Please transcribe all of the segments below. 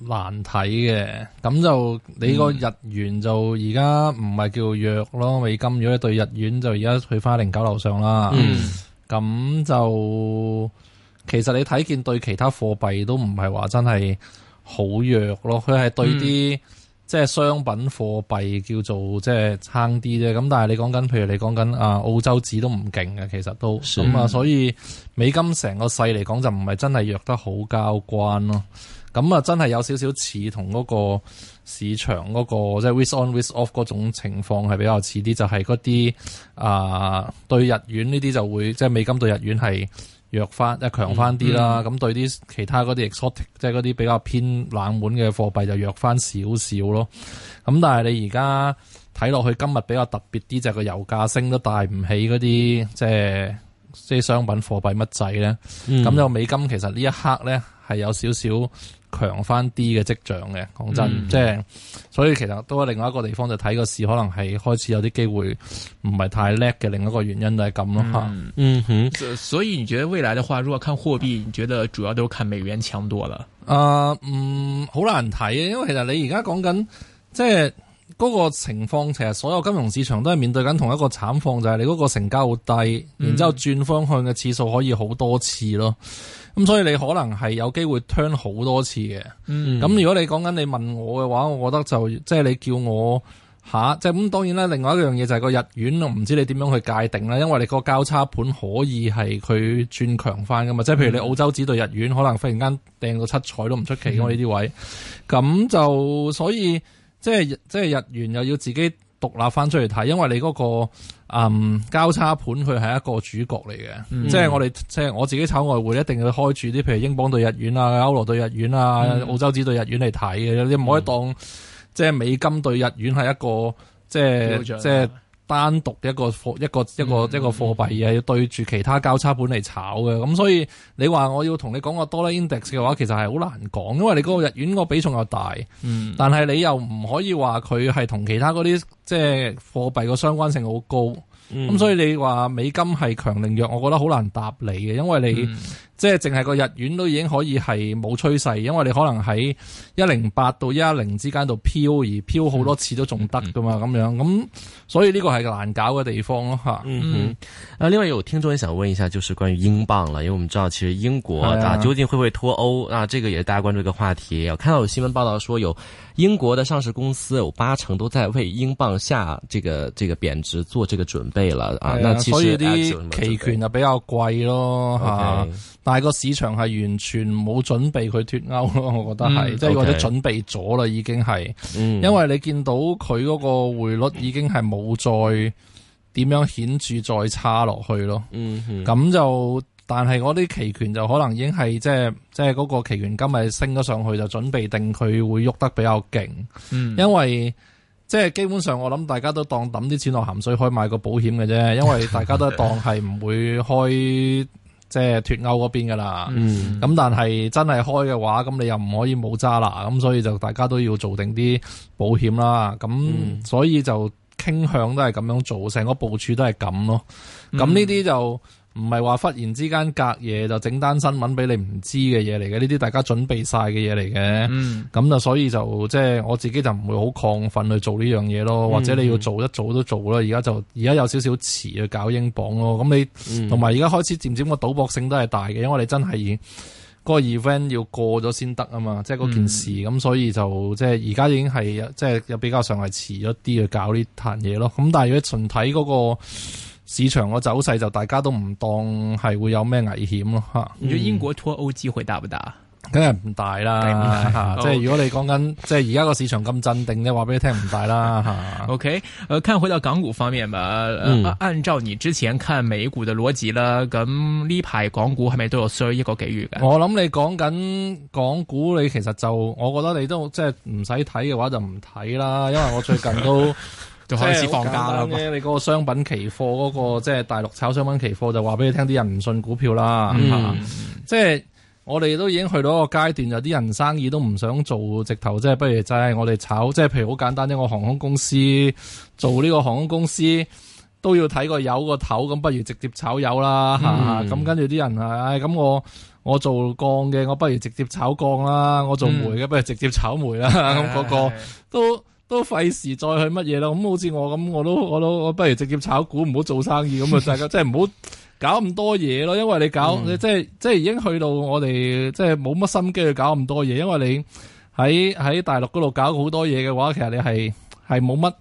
難睇嘅，咁就你個日元就而家唔係叫弱咯，美金如果對日元就而家去返零九樓上啦，咁、嗯、就其實你睇見對其他貨幣都唔係話真係好弱咯，佢係對啲、嗯、即係商品貨幣叫做即係撐啲啫，咁但係你講緊，譬如你講緊啊澳洲紙都唔勁嘅，其實都咁啊的，所以美金成個勢嚟講就唔係真係弱得好交關咯。咁啊，真係有少少似同嗰個市場嗰、那個即係、就是、risk on risk off 嗰種情況係比較似啲，就係嗰啲啊對日元呢啲就會即係、就是、美金對日元係弱翻即係強翻啲啦。咁、嗯、對啲其他嗰啲 exotic 即係嗰啲比較偏冷門嘅貨幣就弱翻少少咯。咁但係你而家睇落去今日比較特別啲就係、是、個油價升都帶唔起嗰啲即係啲商品貨幣乜滯咧。咁、嗯、就美金其實呢一刻咧。係有少少強翻啲嘅跡象嘅，講真，嗯、即係所以其實都喺另外一個地方就睇、是、個市，可能係開始有啲機會唔係太叻嘅。另一個原因都係咁咯，嗯哼，所以你覺得未來嘅話，如果看貨幣，你覺得主要都係看美元強多啦。啊，嗯，好難睇嘅，因為其實你而家講緊即係嗰個情況，其實所有金融市場都係面對緊同一個慘況，就係、是、你嗰個成交好低，然之後轉方向嘅次數可以好多次咯。咁所以你可能係有機會 turn 好多次嘅。咁、嗯、如果你講緊你問我嘅話，我覺得就即係、就是、你叫我吓，即係咁當然啦。另外一樣嘢就係個日元，我唔知你點樣去界定啦，因為你個交叉盤可以係佢轉強翻噶嘛。即係、嗯、譬如你澳洲指對日元，可能忽然間掟到七彩都唔出奇，因為呢啲位，咁就所以即係即係日元又要自己獨立翻出嚟睇，因為你嗰、個嗯交叉盤佢係一個主角嚟嘅。嗯、即係我哋即係我自己炒外匯一定要開住啲譬如英鎊對日元啊、歐羅對日元啊、嗯、澳洲紙對日元嚟睇嘅，嗯、你唔可以當即係美金對日元係一個即係即係。單獨一個貨一個一個一個貨幣啊，嗯、要對住其他交叉盤嚟炒嘅，咁、嗯、所以你話我要同你講個 dollar index 嘅話，其實係好難講，因為你嗰個日元個比重又大，嗯，但係你又唔可以話佢係同其他嗰啲即係貨幣個相關性好高，咁、嗯、所以你話美金係強定弱，我覺得好難答你嘅，因為你。嗯即係淨係個日元都已經可以係冇趨勢，因為你可能喺一零八到一一零之間度飄，而飄好多次都仲得噶嘛，咁樣咁，所以呢個係個難搞嘅地方咯，吓。嗯嗯。啊、嗯嗯，另外有聽眾想問一下，就是關於英鎊啦，因為我們知道其實英國啊究竟會唔會脱歐啊，這個也大家關注一個話題。我看到有新聞報道說，有英國嘅上市公司有八成都在為英鎊下這個這個貶值做這個準備了啊。啊那其實啲、啊、期權啊比較貴咯，吓。Okay. 但係個市場係完全冇準備佢脱歐咯，我覺得係，即係、嗯、或者準備咗啦已經係，嗯、因為你見到佢嗰個匯率已經係冇再點樣顯著再差落去咯。咁、嗯嗯、就，但係嗰啲期權就可能已經係即係即係嗰個期權金咪升咗上去，就準備定佢會喐得比較勁。嗯、因為即係、即係、基本上我諗大家都當抌啲錢落鹹水，可以買個保險嘅啫，因為大家都當係唔會開。即係脫歐嗰邊噶啦，咁、嗯、但係真係開嘅話，咁你又唔可以冇揸啦，咁所以就大家都要做定啲保險啦，咁、嗯、所以就傾向都係咁樣做，成個部署都係咁咯，咁呢啲就。嗯唔係話忽然之間隔夜就整單新聞俾你唔知嘅嘢嚟嘅，呢啲大家準備晒嘅嘢嚟嘅。咁、嗯、就所以就即係、就是、我自己就唔會好亢奮去做呢樣嘢咯。嗯、或者你要做一早都做啦，而家就而家有少少遲去搞英鎊咯。咁你同埋而家開始漸漸個賭博性都係大嘅，因為你真係、嗯、個 event 要過咗先得啊嘛，即係嗰件事。咁、嗯、所以就即係而家已經係即係又比較上係遲咗啲去搞呢壇嘢咯。咁但係如果純睇嗰個。市場個走勢就大家都唔當係會有咩危險咯吓。你覺得英國脫歐機會大唔大？梗係唔大啦吓， 即係如果你講緊即係而家個市場咁鎮定咧，話俾你聽唔大啦吓。 OK，誒、呃，看，回到港股方面吧。呃嗯、按照你之前看美股嘅邏輯啦，咁呢排港股係咪都有衰一個幾月嘅？我諗你講緊港股，你其實就我覺得你都即係唔使睇嘅話就唔睇啦，因為我最近都。 就開始放假啦、欸。啊、你嗰個商品期貨嗰、那個，即、就、係、是、大陸炒商品期貨，就話俾你聽啲人唔信股票啦。即係、嗯啊就是、我哋都已經去到一個階段，有啲人生意都唔想做，直頭即係不如就係我哋炒。即係譬如好簡單一個航空公司做呢個航空公司，空公司都要睇個油個頭，咁不如直接炒油啦。咁跟住啲人啊，咁、嗯、我我做鋼嘅，我不如直接炒鋼啦。我做煤嘅，嗯、不如直接炒煤啦。咁嗰 個都。嗯都費事再去乜嘢咯，咁好似我咁，我都我都我不如直接炒股，唔好做生意咁啊！大家即係唔好搞咁多嘢咯，因為你搞你、嗯、即係即係已經去到我哋即係冇乜心機去搞咁多嘢，因為你喺喺大陸嗰度搞好多嘢嘅話，其實你係係冇乜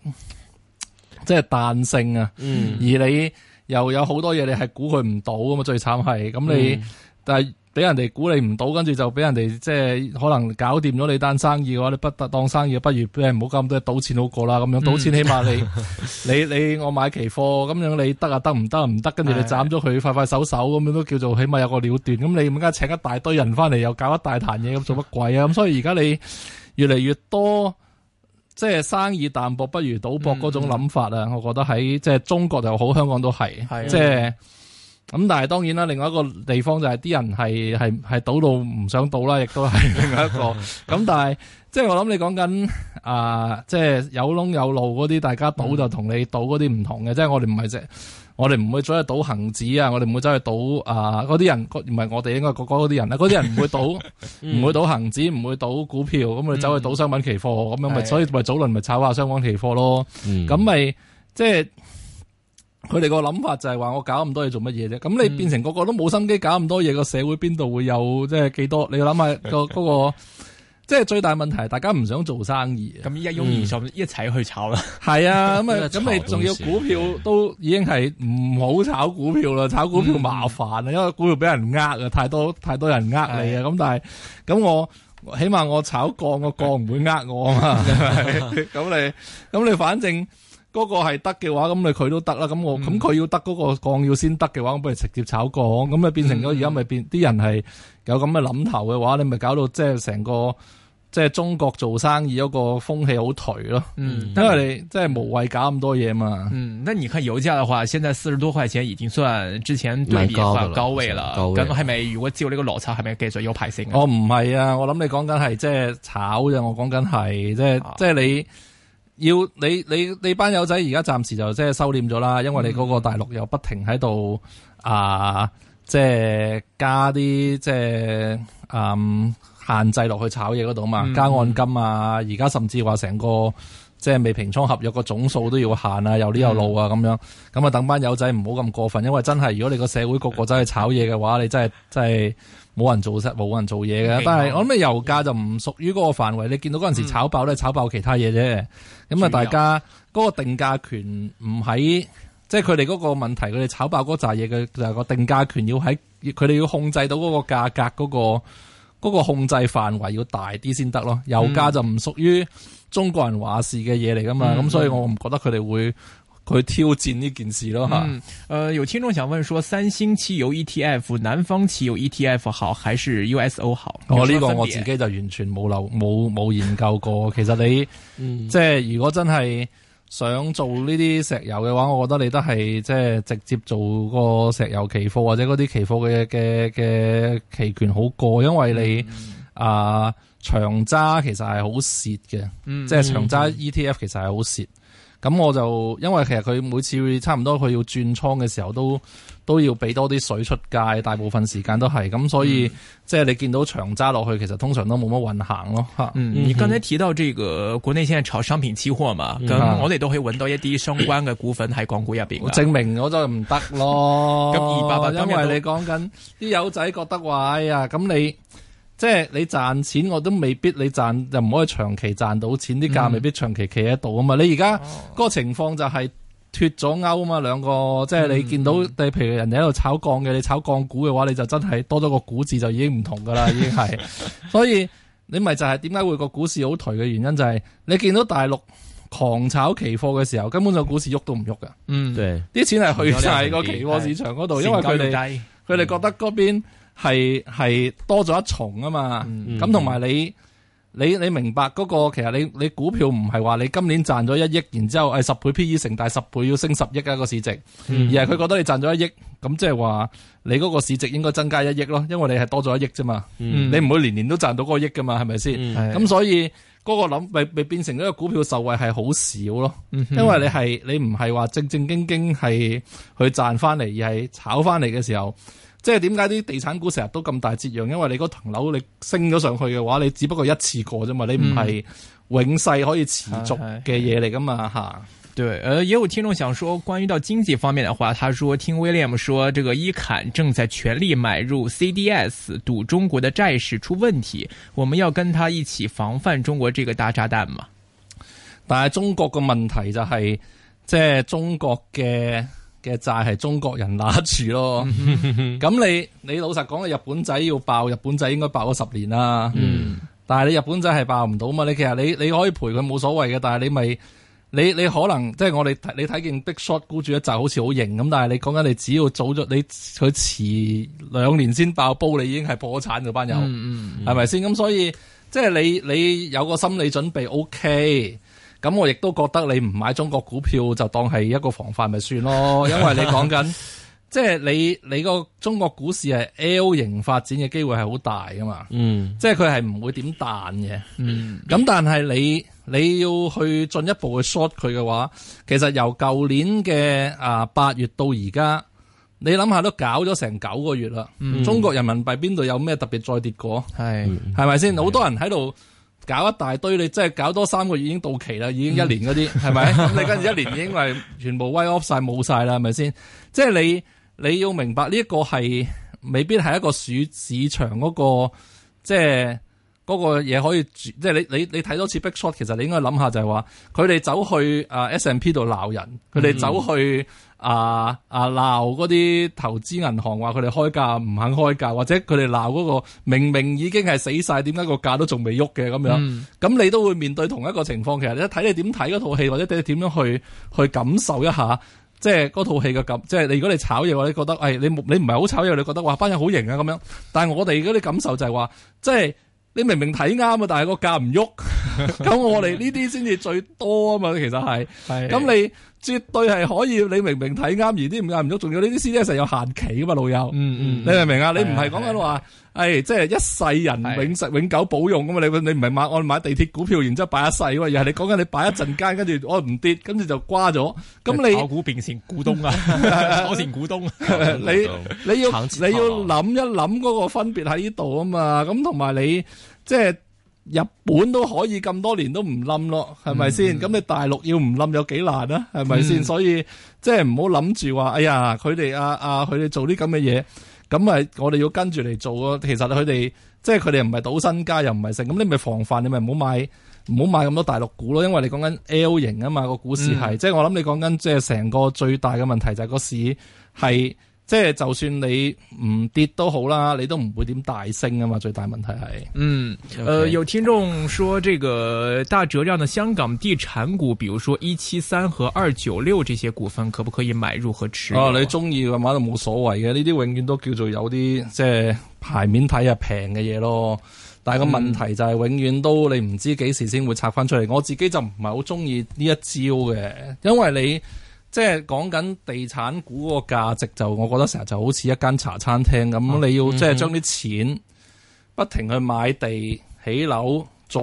即係彈性啊，嗯、而你又有好多嘢你係估佢唔到啊嘛，最慘係咁你但係。嗯俾人哋估你唔到，跟住就俾人哋即係可能搞掂咗你單生意嘅話，你不得當生意，不如俾人唔好咁多賭錢好、啊、過啦。咁樣賭錢，嗯、 起碼你你你我買期貨咁樣，你得啊得唔得唔得？跟住你斬咗佢，快快手手咁樣都叫做起碼有個了斷、啊。咁你而家請一大堆人翻嚟，又搞一大壇嘢，咁做乜鬼啊？咁 所以而家你越嚟越多，即係生意淡薄，不如賭博嗰種諗法啊！嗯嗯，我覺得喺即係中國就好，香港都係，即係。就是就是咁但係當然啦，另外一個地方就係啲人係係係賭到唔想賭啦，亦都係另外一個。咁 但係即係我諗你講緊啊，即、呃、係、就是、有窿有路嗰啲，大家賭就同你賭嗰啲唔同嘅。嗯、即係我哋唔係即係我哋唔會走去賭恒指啊，我哋唔會走去賭啊嗰啲人，唔係我哋應該講嗰啲人啊。嗰啲人唔會賭，唔、 嗯、會賭恒指，唔會賭股票，咁咪走去賭商品期貨咁樣咪，嗯嗯、所以咪早輪咪炒下商品期貨咯。咁咪即係。嗯嗯佢哋個諗法就係話，我搞咁多嘢做乜嘢啫？咁、嗯、你變成個個都冇心機搞咁多嘢，個社會邊度會有即係幾多？你諗下個、那、嗰個，即係、 那個就是、最大問題，大家唔想做生意。咁、嗯嗯、一擁而上，一齊去炒啦。係啊，咁啊，咁你仲要股票都已經係唔好炒股票啦，炒股票麻煩啊，嗯、因為股票俾人呃啊，太多太多人呃你啊。咁是的 但係咁我起碼我炒鋼個鋼唔會呃我啊嘛，咁 你咁你反正。嗰個係得嘅話，咁你佢都得啦。咁我咁佢要得嗰、嗰個鋼要先得嘅話，我不如直接炒鋼。咁啊變成咗而家咪變啲、嗯、人係有咁嘅諗頭嘅話，你咪搞到即係成個即係中國做生意一個風氣好頹咯。嗯，因為你即係無謂搞咁多嘢嘛。嗯，那你看油價嘅話，現在四十多塊錢已經算之前對比話高位了。高位了，咁係咪？是是，如果照呢個邏輯，係咪繼續有排升？我唔係啊，我諗你講緊係即係炒啫，我講緊係即係即係你。就是要你你你班友仔而家暫時就即係收斂咗啦，因為你嗰個大陸又不停喺度啊，即係加啲即係嗯限制落去炒嘢嗰度嘛，加按金啊，而家甚至話成個。即係未平倉合約個總數都要限啊，有呢有路啊咁樣，咁啊等班友仔唔好咁過分，因為真係如果你個社會個個仔去炒嘢嘅話，你真係真係冇人做冇人做嘢嘅。但係我諗你油價就唔屬於嗰個範圍，嗯、你見到嗰陣時炒爆都係炒爆其他嘢啫。咁啊，大家嗰、嗰個定價權唔喺，即係佢哋嗰個問題，佢哋炒爆嗰扎嘢嘅就係、係、個定價權要喺，佢哋要控制到嗰個價格嗰、嗰個。嗰個控制範圍要大啲先得咯，油價就唔屬於中國人話事嘅嘢嚟噶嘛，咁、嗯、所以我唔覺得佢哋會去挑戰呢件事咯嚇。嗯，誒、呃、有聽眾想問說，說三星期油 ETF、南方期油 ETF 好，還是 USO 好？我呢個我自己就完全冇留冇冇研究過，其實你、嗯、即係如果真係。想做呢啲石油嘅話，我覺得你都係即係直接做個石油期貨或者嗰啲期貨嘅嘅嘅期權好過，因為你、嗯、啊長揸其實係好蝕嘅，嗯、即係長揸 ETF 其實係好蝕。咁、嗯、我就因為其實佢每次會差唔多佢要轉倉嘅時候都。都要俾多啲水出街，大部分時間都係咁，所以、嗯、即係你見到長揸落去，其實通常都冇乜運行咯。吓、嗯，而跟一提到呢個國內先係炒商品期貨啊嘛，咁、嗯、我哋都可以揾到一啲相關嘅股份喺港股入邊、嗯。我證明我就唔得咯。咁二百八，因為你講緊啲友仔覺得話，哎呀，咁你即係你賺錢，我都未必你賺就唔可以長期賺到錢，啲、嗯、價未必長期企喺度啊嘛。你而家個情況就係。哦哦脫咗鈎啊嘛，兩個即係你見到地皮、嗯、人哋喺度炒鋼嘅，你炒鋼股嘅話，你就真係多咗個股字就已經唔同噶啦，已經係。 所以你咪就係點解會個股市好頹嘅原因、就係，就係你見到大陸狂炒期貨嘅時候，根本就股市喐都唔喐噶。嗯，啲錢係去曬個期貨市場嗰度，是因為佢哋佢哋覺得嗰邊係、嗯、多咗一重啊嘛。咁同埋你。嗯嗯嗯你你明白嗰、那個其實你你股票唔係話你今年賺咗一億，然之後誒十倍 P E 乘大，十倍要升十億呀個市值，而係佢覺得你賺咗一億，咁即係話你嗰個市值應該增加一億咯，因為你係多咗一億啫嘛，嗯、你唔會年年都賺到嗰個億噶嘛，係咪先？咁、嗯嗯、所以嗰個諗咪咪變成嗰個股票受惠係好少咯，因為你係你唔係話正正經經係去賺翻嚟，而係炒翻嚟嘅時候。即係點解啲地產股成日都咁大折讓？因為你嗰層樓你升咗上去嘅話，你只不過一次過啫嘛，你唔係永世可以持續嘅嘢嚟噶嘛吓。嗯、對，誒、呃，也有聽眾想說，關於到經濟方面嘅話，他說聽 William 說，這個伊坎正在全力買入 CDS，賭中國嘅債市出問題，我們要跟他一起防範中國這個大炸彈嘛？但係中國嘅問題就係、是，即係中國嘅。嘅債係中國人拿住咯，咁 你你老實講，日本仔要爆，日本仔應該爆咗十年啦、啊。嗯，但係你日本仔係爆唔到嘛？你其實你你可以陪佢冇所謂嘅，但係你咪你你可能即係我哋你睇見 Big Shot 沽住一隻好似好型咁，但係你講緊你只要早咗你佢遲兩年先爆煲，你已經係破產嗰班友，係咪先？咁所以即係你你有個心理準備，O K。Okay。咁我亦都覺得你唔買中國股票就當係一個防範咪算咯， 因為你講緊，即係你你個中國股市係 L 型發展嘅機會係好大噶嘛，嗯，即係佢係唔會點彈嘅，嗯，咁但係你你要去進一步去 short 佢嘅話，其實由舊年嘅啊八月到而家，你諗下都搞咗成九個月啦，嗯，中國人民幣邊度有咩特別再跌過？係，係咪先？好多人喺度。搞一大堆，你真係搞多三個月已經到期啦，已經一年嗰啲係咪？你跟住一年已經係全部威 off 曬冇晒啦，係咪先？即係你你要明白呢一個係未必係一個市市場嗰個即係。嗰個嘢可以即係你你你睇多次 Big Shot 其實你應該諗下就係話，佢哋走去啊 S&P 度鬧人，佢哋走去嗯嗯啊啊鬧嗰啲投資銀行話佢哋開價唔肯開價，或者佢哋鬧嗰個明明已經係死晒，點解個價都仲未喐嘅咁樣？咁、嗯、你都會面對同一個情況。其實你睇你點睇嗰套戲，或者對你點樣去去感受一下，即係嗰套戲嘅感。即係你如果你炒嘢話，你覺得誒、哎、你你唔係好炒嘢，你覺得話班人好型啊咁樣。但係我哋嗰啲感受就係、是、話，即係。即你明明睇啱啊，但係個價唔喐，咁 我哋呢啲先至最多啊嘛，其實係，咁 你。絕對係可以，你明明睇啱而啲唔押唔喐，仲要呢啲 C D S 成日有限期噶嘛，老友。嗯，嗯嗯，你明唔明啊？是的 你唔係講緊話，係即係一世人永永久保用噶嘛？是的 你你唔係買我買地鐵股票，然之後擺一世噶嘛？而係你講緊你擺一陣間，跟住我唔跌，跟住就瓜咗。咁、嗯、你炒股變成股東啊？炒成股東， 你你要你要諗一諗嗰個分別喺呢度啊嘛？咁同埋你即係。日本都可以咁多年都唔冧咯，係咪先？咁、嗯、你大陸要唔冧有幾難啊？係咪先？嗯、所以即係唔好諗住話，哎呀，佢哋啊啊，佢、啊、哋做啲咁嘅嘢，咁咪我哋要跟住嚟做咯。其實佢哋即係佢哋又唔係賭身家，又唔係剩，咁你咪防範，你咪唔好買，唔好買咁多大陸股咯。因為你講緊 L 型啊嘛，個股市係，即係、嗯、我諗你講緊即係成個最大嘅問題就係個市係。即係就算你唔跌都好啦，你都唔會點大升啊嘛。最大問題係，嗯，誒、呃，Okay. 有聽眾說，這個大折讓嘅香港地產股，比如說一七三和二九六這些股份，可不可以買入和持有？啊、你中意嘅話都冇所謂嘅，呢啲永遠都叫做有啲即係牌面睇啊平嘅嘢咯。但係個問題就係、是嗯、永遠都你唔知幾時先會拆翻出嚟。我自己就唔係好中意呢一招嘅，因為你。即係講緊地產股個價值，就我覺得成日就好似一間茶餐廳咁，啊、你要即係將啲錢不停去買地起樓，再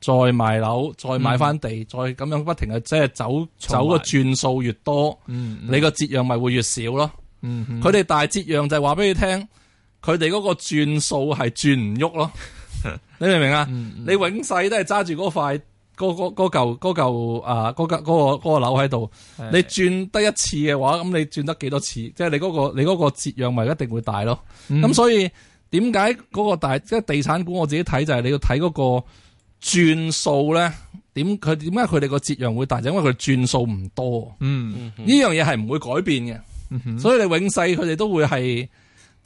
再賣樓，再買翻地，嗯、再咁樣不停去即係走走個轉數越多，嗯嗯你個折讓咪會越少咯。佢哋、嗯嗯、大折讓就係話俾你聽，佢哋個轉數係轉唔喐咯。 你明唔明啊？嗯嗯你永世都係揸住塊。嗰、嗰個嚿啊嗰嚿嗰個樓喺度，的你轉得一次嘅話，咁你轉得幾多次，即係你嗰、嗰個你嗰個折讓咪一定會大咯。咁、mm hmm. 所以點解嗰個大即係地產股？我自己睇就係你要睇嗰個轉數咧。點佢點解佢哋個折讓會大？就因為佢轉數唔多。嗯、mm，呢、hmm. 樣嘢係唔會改變嘅。所以你永世佢哋都會係。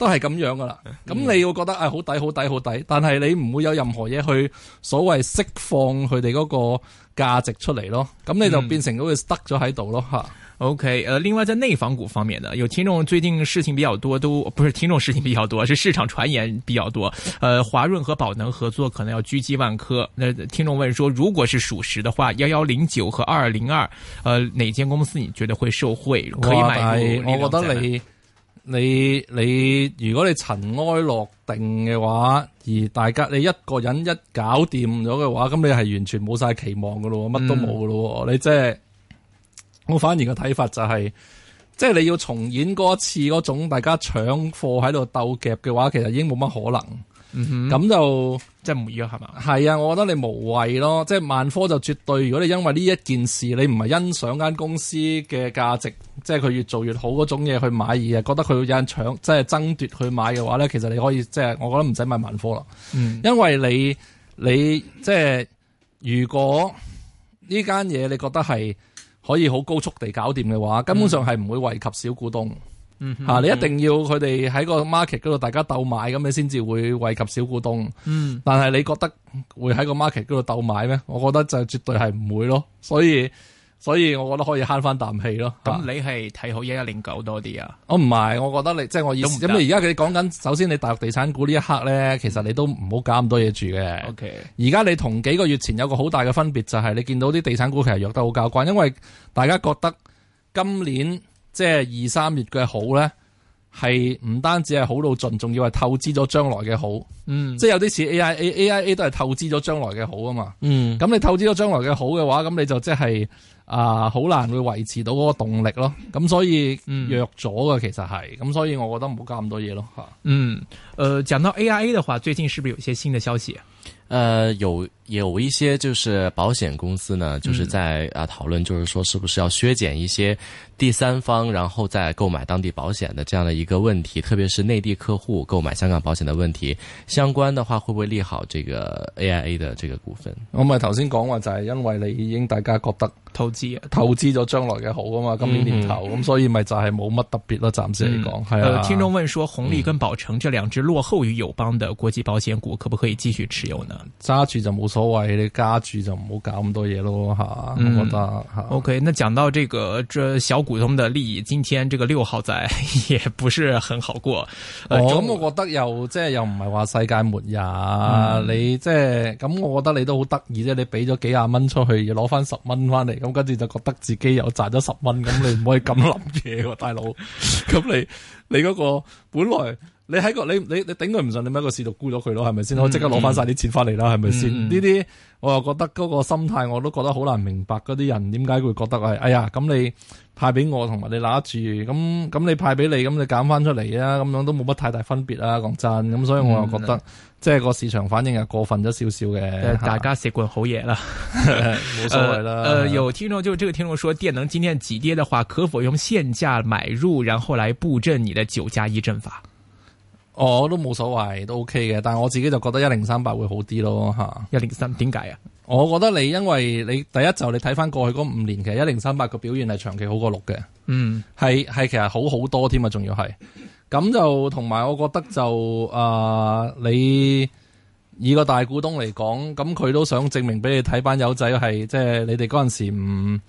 都係咁樣噶啦，咁你會覺得誒好抵好抵好抵，但係你唔會有任何嘢去所謂釋放佢哋嗰個價值出嚟咯，咁你就變成嗰個 stuck 咗喺度咯吓。OK，誒、呃，另外在內房股方面呢，有聽眾最近事情比較多，都不是聽眾事情比較多，係市場傳言比較多。誒、呃，華潤和寶能合作可能要狙擊萬科，那、呃、聽眾問說，如果是屬實的話，幺幺零九和二二零二，誒，哪間公司你覺得會受惠，可以買入？我覺得你。你你如果你塵埃落定嘅話，而大家你一個人一搞掂咗嘅話，咁你係完全冇晒期望噶咯，乜都冇噶咯，嗯、你即係我反而個睇法就係、是，即、就、係、是、你要重演嗰次嗰種大家搶貨喺度鬥夾嘅話，其實已經冇乜可能。咁、嗯、就即係唔易要係嘛？係啊，我覺得你無謂咯。即係萬科就絕對，如果你因為呢一件事，你唔係欣賞間公司嘅價值，即係佢越做越好嗰種嘢去買而啊，覺得佢有人搶，即係爭奪去買嘅話咧，其實你可以即係，我覺得唔使買萬科咯。嗯，因為你你即係如果呢間嘢你覺得係可以好高速地搞掂嘅話，根本上係唔會惠及小股東。吓、嗯嗯啊、你一定要佢哋喺個 market 嗰度大家鬥買咁你先至會惠及小股東。嗯，但係你覺得會喺個 market 嗰度鬥買咩？我覺得就絕對係唔會咯。所以所以我覺得可以慳翻啖氣咯。咁你係睇好一一零九多啲啊？我唔係，我覺得你即係我意思。咁咁而家佢講緊，在在首先你大陸地產股呢一刻咧，嗯、其實你都唔好搞咁多嘢住嘅。O K。而家你同幾個月前有個好大嘅分別就係、係、你見到啲地產股其實弱得好交關，因為大家覺得今年。即係二三月嘅好咧，係唔單止係好到盡，仲要係透支咗將來嘅好。嗯，即係有啲似 A I A A I A 都係透支咗將來嘅好啊嘛。嗯，咁你透支咗將來嘅好嘅話，咁你就即係啊，好、呃、難會維持到嗰個動力咯。咁所以弱咗嘅其實係，咁所以我覺得唔好加咁多嘢咯吓。嗯，誒、呃，講到 A I A 嘅話，最近是不是有些新嘅消息？誒、呃，有。有一些就是保險公司呢，就是在啊討論，就是說是不是要削減一些第三方，然後再購買當地保險的這樣的一個問題，特別是內地客戶購買香港保險的問題。相關的話，會不會利好這個 AIA 的這個股份？我咪頭先講話就係因為你已經大家覺得投資投資咗將來嘅好啊嘛，今年年頭咁，嗯、所以咪就係冇乜特別咯，暫時嚟講係、嗯、啊。聽眾問說，宏利跟保誠這兩隻落後於友邦的國際保險股，可不可以繼續持有呢？揸住就冇錯。為你家住就唔好搞咁多嘢咯吓。嗯、我覺得。嗯、o、okay, K，那講到這個，這小股東的利益，今天這個六號仔也不是很好過。咁我覺得又即係又唔係話世界末日，你即係咁，我覺得你都好得意啫。你俾咗幾廿蚊出去，又攞翻十蚊翻嚟，咁跟住就覺得自己又賺咗十蚊。咁 你唔可以咁諗嘢，大佬。咁 你你嗰個本來。你喺個你你你頂佢唔順，點解個市度估咗佢咯？係咪先？嗯、我即刻攞翻晒啲錢翻嚟啦，係咪先？呢啲、嗯、我又覺得嗰個心態，我都覺得好難明白。嗰啲人點解會覺得係？哎呀，咁你派俾我同埋你拿住，咁咁你派俾你，咁你減翻出嚟啊？咁樣都冇乜太大分別啦！講真，咁所以我又覺得、嗯、即係個市場反應係過分咗少少嘅。嗯啊、大家食過好嘢啦，冇 所謂啦。誒，有聽眾就即係聽我說，說，電能今天急跌的話，可否用現價買入，然後嚟布陣你嘅九加一陣法？我都冇所謂，都 OK 嘅，但係我自己就覺得一零三八會好啲咯，吓，一零三點解啊？ 我覺得你因為你第一就你睇翻過去嗰五年，其實一零三八個表現係長期好過六嘅，嗯，係，係其實好好多添啊，仲要係咁就同埋，我覺得就啊、呃，你以個大股東嚟講，咁佢都想證明俾你睇翻友仔係，即、就、係、是、你哋嗰陣時唔。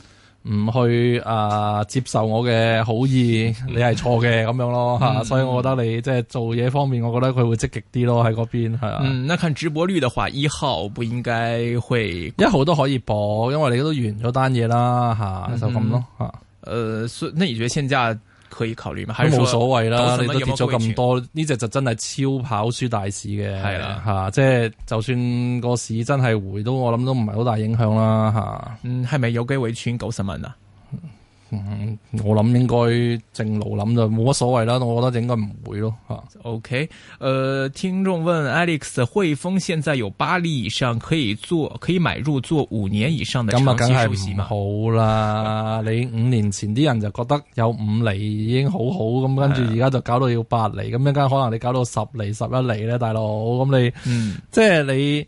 唔去啊、呃、接受我嘅好意， 你係錯嘅咁樣咯吓， 嗯、所以我覺得你即係、就是、做嘢方面，我覺得佢會積極啲咯，喺嗰邊係啊。嗯，那看直播率嘅話，一號不應該會一號都可以播，因為你都完咗單嘢啦吓，就咁咯吓。誒、嗯呃，所以，那你覺得現在？可以求聯嘛？都冇所謂啦，90 你都跌咗咁多，呢隻 90 就真係超跑輸大市嘅，係啦吓，即、就、係、是、就算個市真係回都，我諗都唔係好大影響啦吓。啊、嗯，係咪有機會穿九十蚊啊？嗯，我諗應該正路諗就冇乜所謂啦，我覺得應該唔會咯吓。啊、OK，誒、呃，聽眾問 Alex 匯豐現在有八厘以上可以做，可以買入做五年以上的長期收息嘛？好啦，嗯嗯嗯、你五年前啲人就覺得有五厘已經好好，咁跟住而家就搞到要八厘，咁一間可能你搞到十厘、十一厘咧，大佬，咁你，嗯，嗯即係你。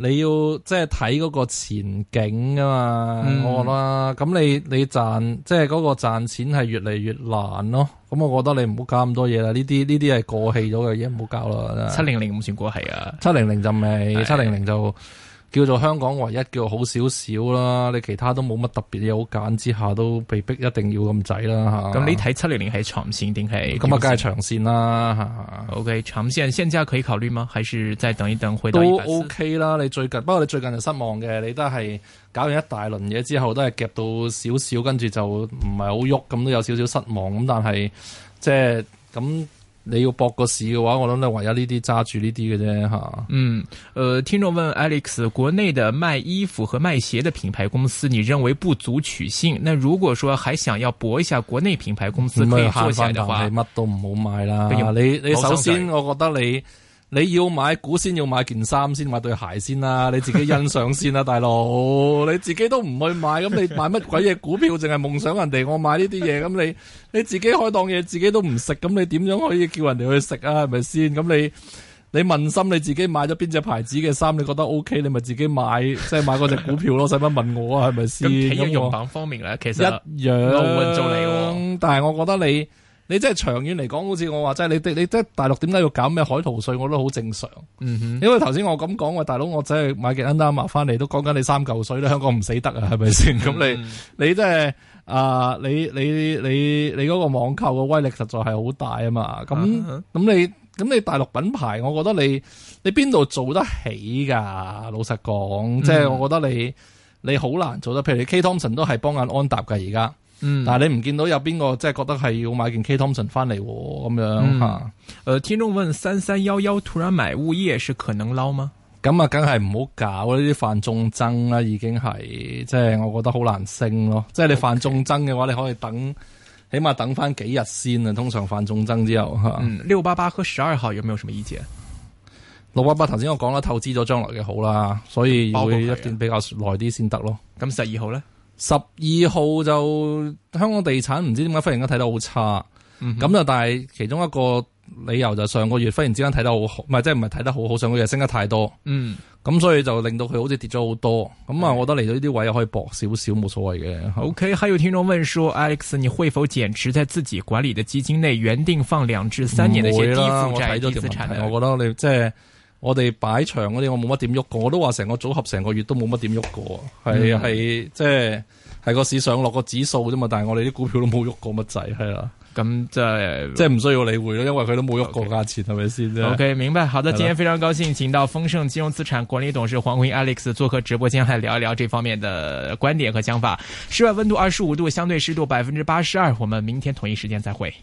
你要即係睇嗰個前景吖嘛，嗯、我諗咁你你賺即係嗰個賺錢係越嚟越難咯。咁我覺得你唔好搞咁多嘢啦，呢啲呢啲係過氣咗嘅嘢，唔好搞啦。七零零唔算過氣啊，七零零就未，七零零就。對叫做香港唯一叫好少少啦，你其他都冇乜特別嘢好揀之下，都被逼一定要咁滯啦吓。咁你睇七零年係長線定係咁啊？梗係、嗯、長線啦吓。OK，長線現價可以考慮嗎？還是再等一等？回到都 OK 啦。你最近不過你最近就失望嘅，你都係搞完一大輪嘢之後都係夾到少少，跟住就唔係好喐咁，都有少少失望咁。但係即係咁。嗯你要博個市嘅話，我諗你唯有呢啲揸住呢啲嘅啫吓。啊、嗯，誒、呃，聽眾問 Alex，國內嘅賣衣服和賣鞋嘅品牌公司，你認為不足取信？那如果說還想要博一下國內品牌公司可以做下嘅話，乜都唔好買啦吓。你你首先，我覺得你。你要買股先，要買件衫先，買對鞋先啦、啊。你自己欣賞先啦、啊，大佬。你自己都唔去買，咁你買乜鬼嘢股票？淨係夢想人哋我買呢啲嘢。咁你你自己開檔嘢，自己都唔食，咁你點樣可以叫人哋去食啊？係咪先？咁你你問心，你自己買咗邊隻牌子嘅衫，你覺得 OK？你咪自己買，即、就、係、是、買嗰隻股票咯。使乜 問我啊？係咪先？咁企業用品方面咧，其實一樣，做你啊、但係我覺得你。你真係長遠嚟講，好似我話，即係你你即係大陸點解要搞咩海淘稅，我都好正常。嗯、哼因為頭先我咁講，喂大佬，我真係買件 Under Armour 翻嚟，都講緊你三嚿水啦，香港唔死得啊，係咪先？咁、嗯、你你即係啊，你、就是呃、你你你嗰個網購嘅威力實在係好大啊嘛。咁咁、啊、哈你咁你大陸品牌，我覺得你你邊度做得起㗎？老實講，即係、嗯、我覺得你你好難做得。譬如你 K Thompson 都係幫緊安踏㗎，而家。嗯，但係你唔見到有邊個即係覺得係要買件 K Thomson 翻嚟咁樣吓？誒、嗯呃，聽眾問三三幺幺突然買物業是可能撈嗎？咁啊，梗係唔好搞呢啲犯眾憎啦，已經係即係我覺得好難升咯。即係你犯眾憎嘅話，Okay. 你可以等，起碼等翻幾日先啊。通常犯眾憎之後吓，六八八和十二號有冇有什麼意見？六八八頭先我講啦，透支咗將來嘅好啦，所以要一段比較耐啲先得咯。咁十二號咧？十二號就香港地產唔知點解忽然間睇得好差，咁就、嗯、哼但係其中一個理由就上個月忽然之間睇得好好，唔係即係唔係睇得好好上個月升得太多，咁、嗯嗯、所以就令到佢好似跌咗好多，咁啊、嗯嗯、我覺得嚟到呢啲位又可以博少少冇所謂嘅。OK，還有聽眾問說、啊、Alex 你會否減持在自己管理嘅基金內原定放兩至三年嘅一啲低負債低資產嘅？我我哋擺場嗰啲，我冇乜點喐過，我都話成個組合成個月都冇乜點喐過，係係即係喺個市上落個指數啫嘛，但係我哋啲股票都冇喐過乜滯，係啊，咁即係即係唔需要理會咯，因為佢都冇喐過價錢，係咪先？O K，明白，好的，今天非常高興，請到豐盛金融資產管理董事黃國英 Alex 做客直播間，來聊一聊這方面的觀點和想法。室外溫度二十五度，相對濕度百分之八十二。我們明天同一時間再會。